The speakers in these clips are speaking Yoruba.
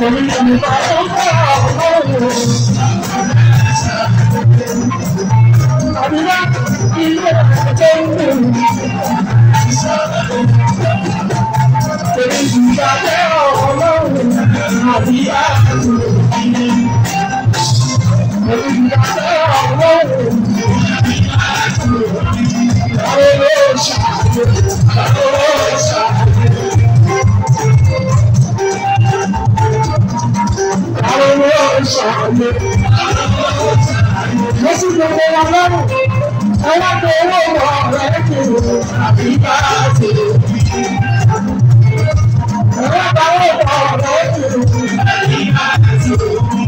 Èmi dìde ó sì gbogbo wọn lọ́rùn ọwọ́ tó owó wọ ọ̀rẹ́ kìlò àbí bá a ti lè fi. ọwọ́ tó owó wọ ọ̀rẹ́ kìlò àbí bá a ti lè fi.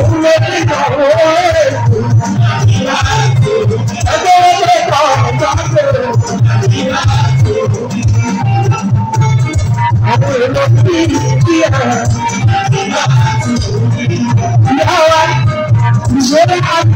òun ní ìgbà owó.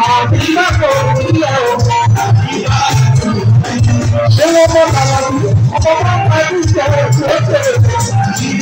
àbíbá kò rí ẹ o. ṣé wọ́n mọ̀ kàwá ọmọ bá ń parí ìṣẹ̀lẹ̀ tó ṣẹlẹ̀.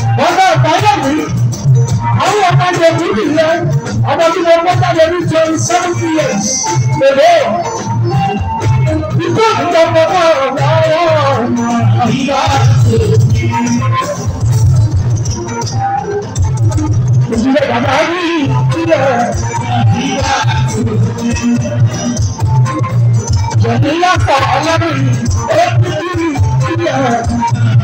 twenty nìyẹn ọmọ tí mo gbọ́ jáde ní twenty seventy years lèlè ikú ìjọba náà wáyọ̀ àyà òṣìṣẹ́ bàbá rí ìdílé jẹ̀dí yàtọ̀ ọlọ́run ó ti dúró ìdílé.